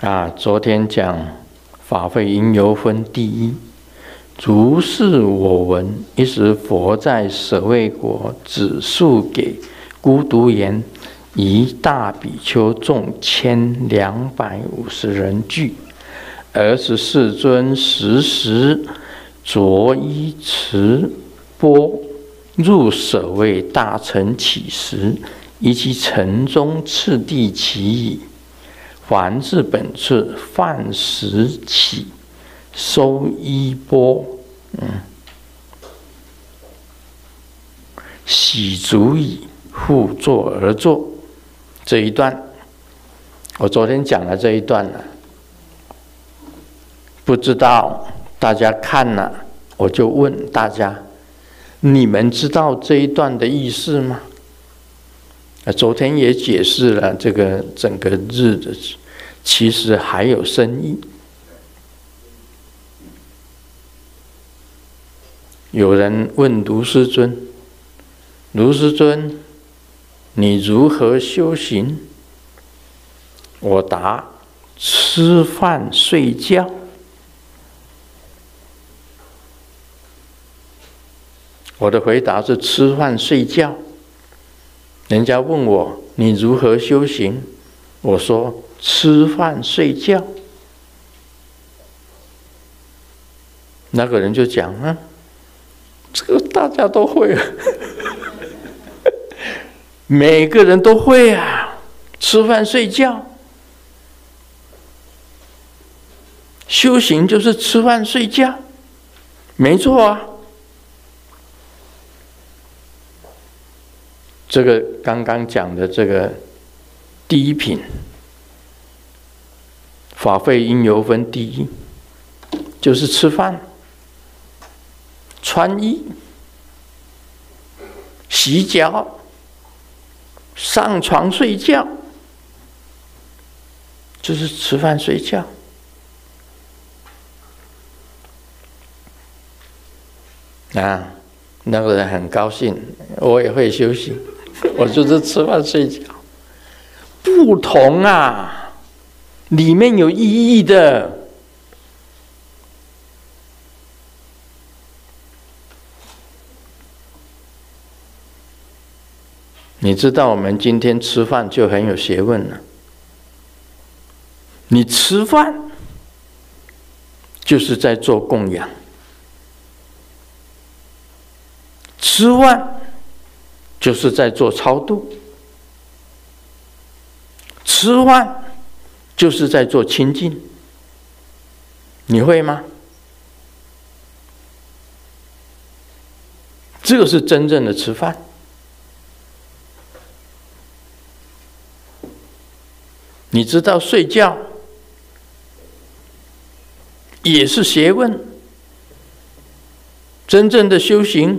啊，昨天講法會因由分第一，如是我聞，一時佛在舍衛國祇樹給孤獨園，一大比丘眾千兩百五十人俱，爾時世尊時時着衣持缽，入舍衛大城乞食，以其城中次第乞已。凡至本次飯食起，收衣缽，嗯，喜足矣，互作而作。這一段，我昨天講了這一段了，啊。不知道大家看了，啊，我就問大家：你們知道這一段的意思嗎？啊，昨天也解釋了這個整個日子。其實還有深意。有人問盧師尊：“盧師尊，你如何修行？”我答：“吃飯睡覺。”我的回答是：“吃飯睡覺。”人家問我：“你如何修行？”我說。吃飯睡覺，那個人就講啊，這個大家都會啊，呵呵，每個人都會啊，吃飯睡覺，修行就是吃飯睡覺，沒錯啊。這個剛剛講的這個第一品。法會因由分第一，就是吃飯、穿衣、洗腳、上床睡覺，就是吃飯睡覺。啊，那個人很高興，我也會休息，我就是吃飯睡覺，不同啊。裡面有意義的，你知道，我們今天吃飯就很有學問了。你吃飯就是在做供養，吃飯就是在做超度，吃飯。就是在做清淨，你會嗎？這個是真正的吃飯。你知道睡覺也是學問。真正的修行，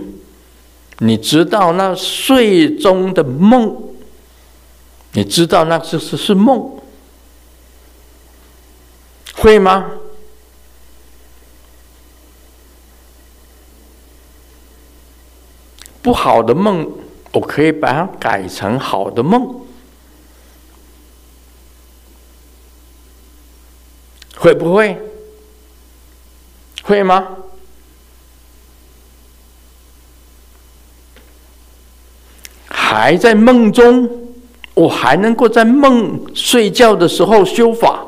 你知道那睡中的夢，你知道那是是是夢。會嗎？不好的夢，我可以把它改成好的夢，會不會？會嗎？還在夢中，我還能夠在夢睡覺的時候修法。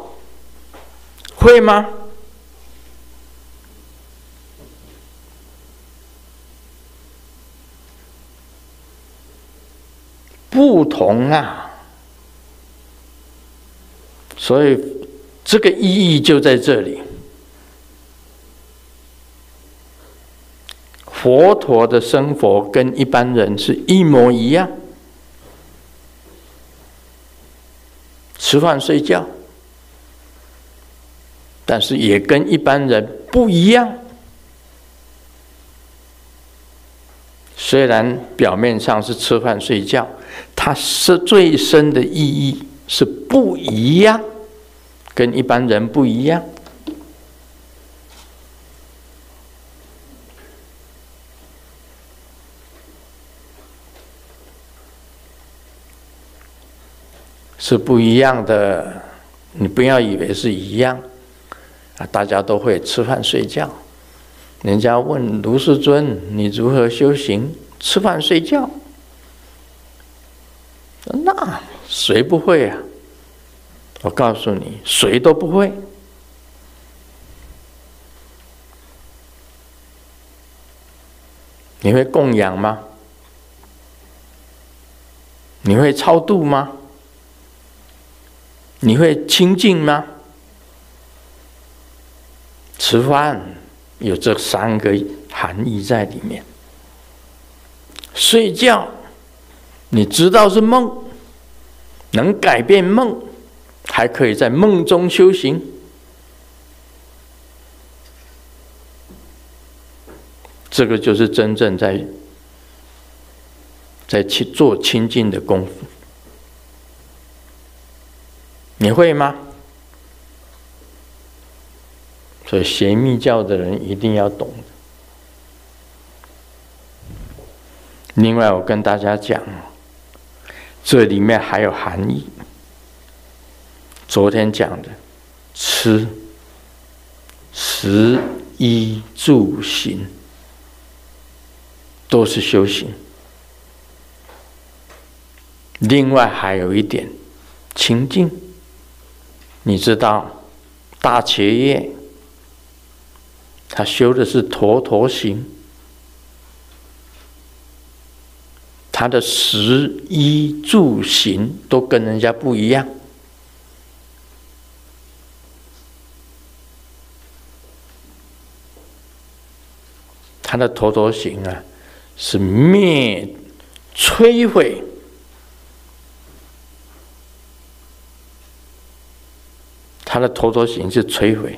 會嗎？不同啊！所以這個意義就在這裡。佛陀的生活跟一般人是一模一樣，吃飯睡覺。但是也跟一般人不一樣。雖然表面上是吃飯睡覺，它，是最深的意義是不一樣，跟一般人不一樣，是不一樣的。你不要以為是一樣。啊，大家都會吃飯睡覺。人家問盧師尊：“你如何修行？”吃飯睡覺，那誰不會啊？我告訴你，誰都不會。你會供養嗎？你會超度嗎？你會親近嗎？吃飯有這三個含義在裡面。睡覺，你知道是夢，能改變夢，還可以在夢中修行。這個就是真正在在去做清淨的功夫。你會嗎？所以邪密教的人一定要懂的。另外，我跟大家講，這裡面還有含義。昨天講的，吃、食、衣、住、行，都是修行。另外還有一點，清淨。你知道，大企業。他修的是陀陀行，他的食衣住行都跟人家不一樣。他的陀陀行啊，是滅摧毀，他的陀陀行是摧毀。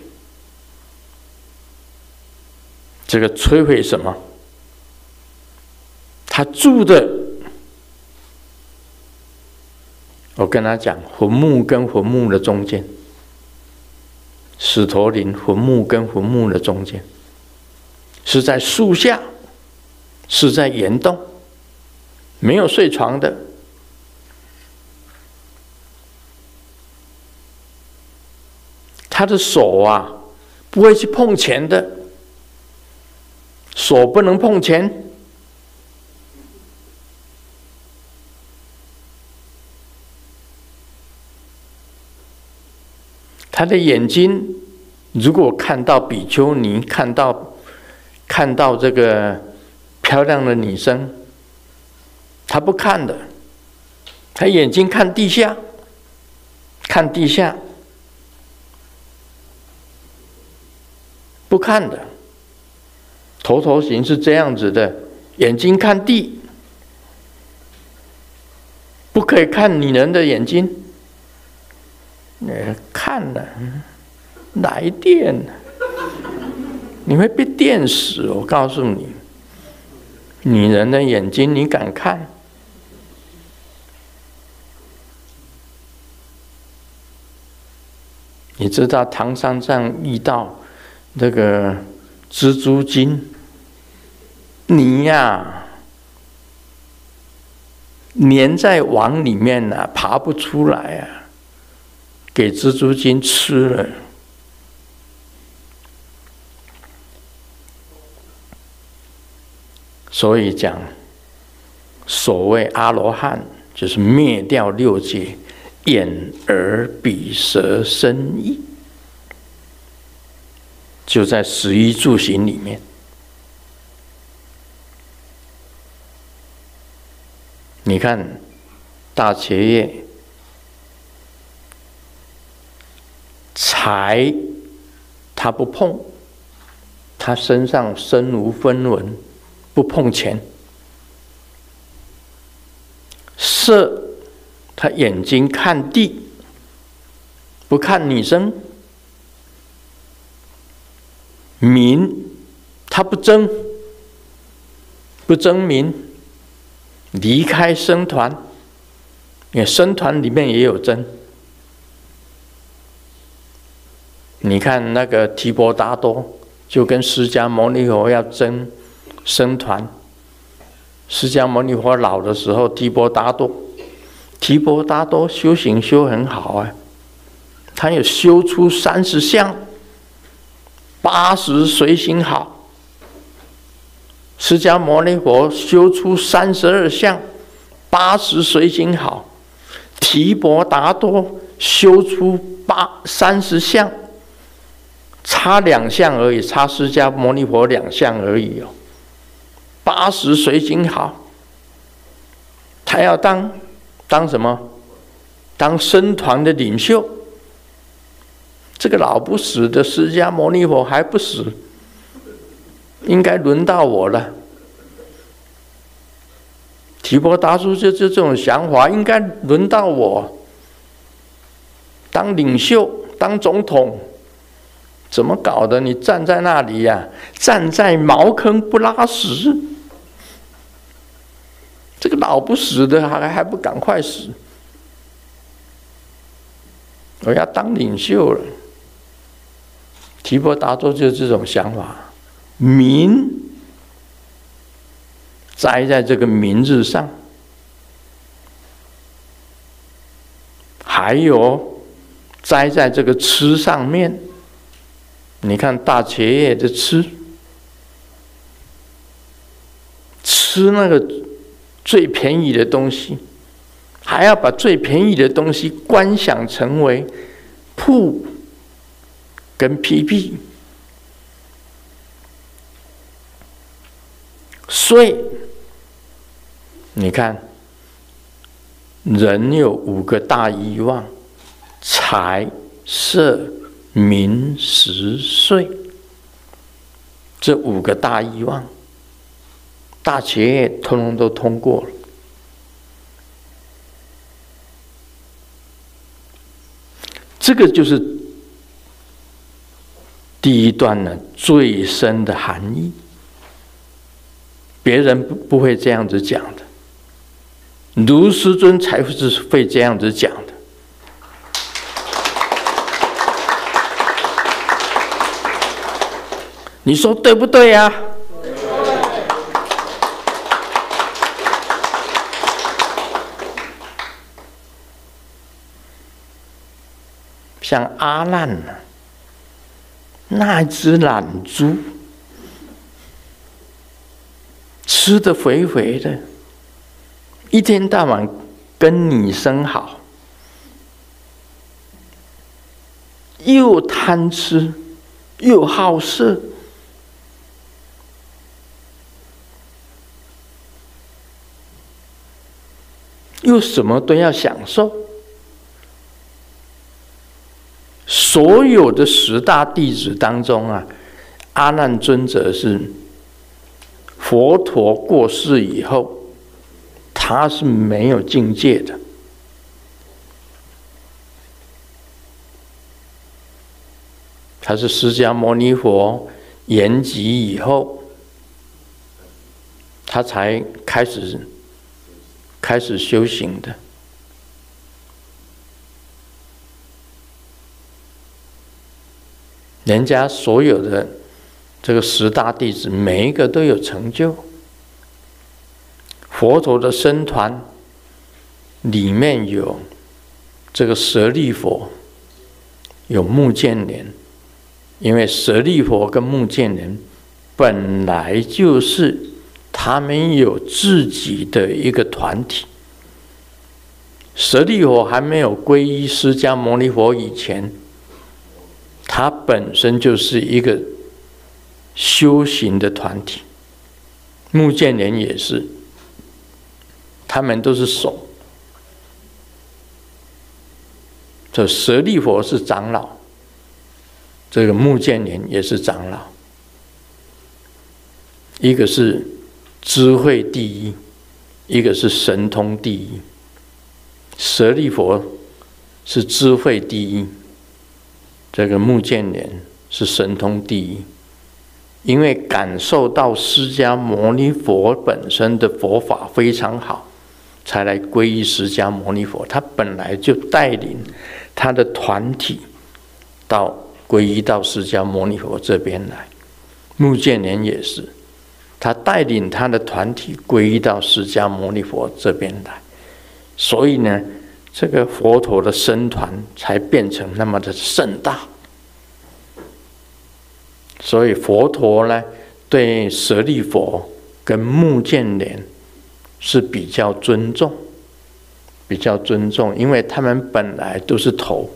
這個摧毀什麼？他住的，我跟他講，墳墓跟墳墓的中間，屍陀林墳墓跟墳墓的中間，是在樹下，是在岩洞，沒有睡床的，他的手啊，不會去碰錢的。手不能碰錢。他的眼睛如果看到比丘尼，看到看到這個漂亮的女生，他不看的，他眼睛看地下，看地下，不看的。頭頭型是這樣子的，眼睛看地，不可以看女人的眼睛。呃、哎，看了、啊，來電、啊，你會被電死，我告訴你。女人的眼睛，你敢看？你知道唐三藏遇到那個蜘蛛精？你呀、啊，黏在網裡面了、啊，爬不出來啊！給蜘蛛精吃了，所以講，所謂阿羅漢，就是滅掉六界，眼、耳、鼻、舌、身、意，就在食衣住行裡面。你看，大企業財他不碰，他身上身無分文，不碰錢；色他眼睛看地，不看女生；名，他不爭，不爭名。離開僧團，因為僧團裡面也有爭。你看那個提婆達多，就跟釋迦牟尼佛要爭僧團。釋迦牟尼佛老的時候，提婆達多，提婆達多修行修很好啊，他有修出三十相，八十隨形好。釋迦牟尼佛修出三十二相，八十隨形好；提婆達多修出八三十相，差兩項而已，差釋迦牟尼佛兩項而已哦。八十隨形好，他要當當什麼？當僧團的領袖。這個老不死的釋迦牟尼佛還不死。應該輪到我了，提婆達多就就這種想法，應該輪到我當領袖、當總統，怎麼搞的？你站在那裡呀、啊，站在茅坑不拉屎，這個老不死的還還不趕快死！我要當領袖了，提婆達多就是這種想法。民栽在這個名字上，還有栽在這個吃上面。你看大企業的吃，吃那個最便宜的東西，還要把最便宜的東西觀想成為鋪跟屁屁。所以，你看，人有五個大欲望：財、色、名、食、睡。這五個大欲望，大企業通通都通過了。這個就是第一段呢，最深的含義。別人不不會這樣子講的，盧師尊才是會這樣子講的， 你說對不對呀、啊？像阿難那隻懶豬。吃的肥肥的，一天到晚跟女生好，又貪吃，又好色，又什麼都要享受。所有的十大弟子當中啊，阿難尊者是。佛陀過世以後，他是沒有境界的。他是釋迦牟尼佛圓寂以後，他才開始開始修行的。人家所有的。這個十大弟子每一個都有成就。佛陀的僧團裡面有這個舍利佛，有目犍連，因為舍利佛跟目犍連本來就是他們有自己的一個團體。舍利佛還沒有皈依釋迦牟尼佛以前，他本身就是一個。修行的團體，目犍連也是，他們都是手。這舍利佛是長老，這個目犍連也是長老。一個是智慧第一，一個是神通第一。舍利佛是智慧第一，這個目犍連是神通第一。因為感受到釋迦牟尼佛本身的佛法非常好，才來皈依釋迦牟尼佛。他本來就帶領他的團體到皈依到釋迦牟尼佛這邊來。目犍連也是，他帶領他的團體皈依到釋迦牟尼佛這邊來。所以呢，這個佛陀的僧團才變成那麼的盛大。所以佛陀呢，對舍利弗跟目犍連，是比較尊重，比較尊重，因為他們本來都是頭，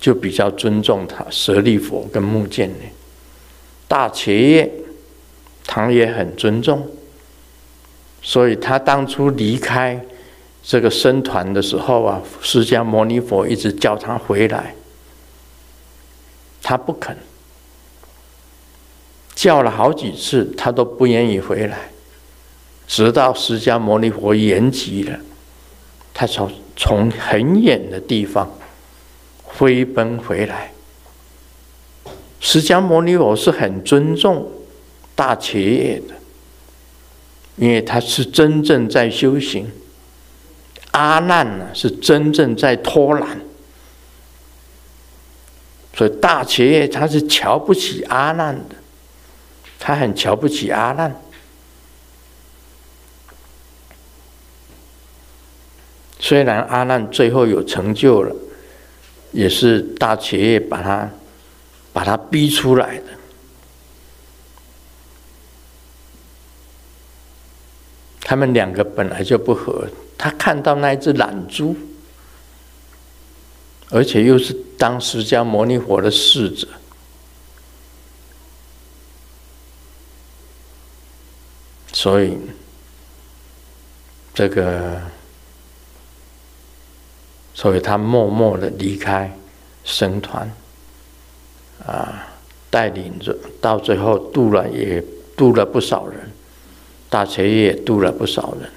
就比較尊重他，舍利弗跟目犍連。大迦葉，他也很尊重，所以他當初離開這個僧團的時候啊，釋迦牟尼佛一直叫他回來。他不肯，叫了好幾次，他都不願意回來。直到釋迦牟尼佛延吉了，他從從很遠的地方飛奔回來。釋迦牟尼佛是很尊重大迦葉的，因為他是真正在修行。阿難呢，是真正在偷懶。所以大迦葉他是瞧不起阿難的，他很瞧不起阿難。雖然阿難最後有成就了，也是大迦葉把他把他逼出來的。他們兩個本來就不合，他看到那一隻懶豬。而且又是當釋迦牟尼佛的侍者，所以這個，所以他默默的離開僧團。啊，帶領着到最後渡了，也渡了不少人，大迦葉也渡了不少人。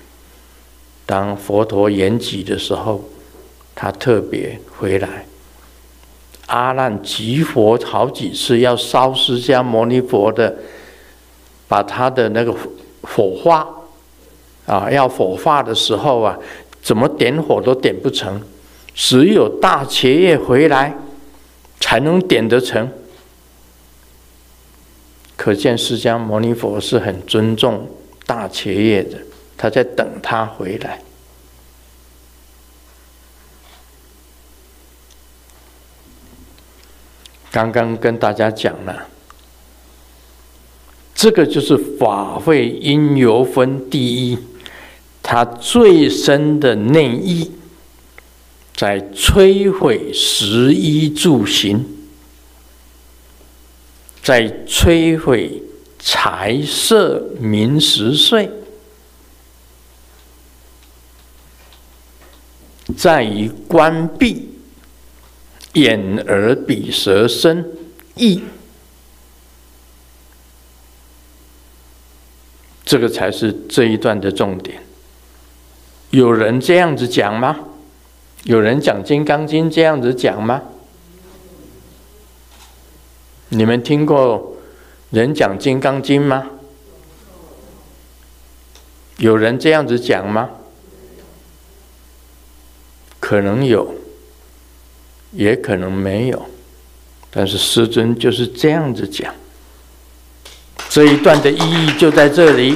當佛陀圓寂的時候。他特別回來，阿難舉火好幾次要燒釋迦牟尼佛的，把他的那個火化，啊，要火化的時候啊，怎麼點火都點不成，只有大迦葉回來才能點得成。可見釋迦牟尼佛是很尊重大迦葉的，他在等他回來。剛剛跟大家講了，這個就是法會因由分第一，它最深的內意，在摧毀食衣住行，在摧毀財色名食睡，在於關閉。眼耳鼻舌身意，這個才是這一段的重點。有人這樣子講嗎？有人講《金剛經》這樣子講嗎？你們聽過人講《金剛經》嗎？有人這樣子講嗎？可能有。也可能沒有，但是師尊就是這樣子講，這一段的意義就在這裡。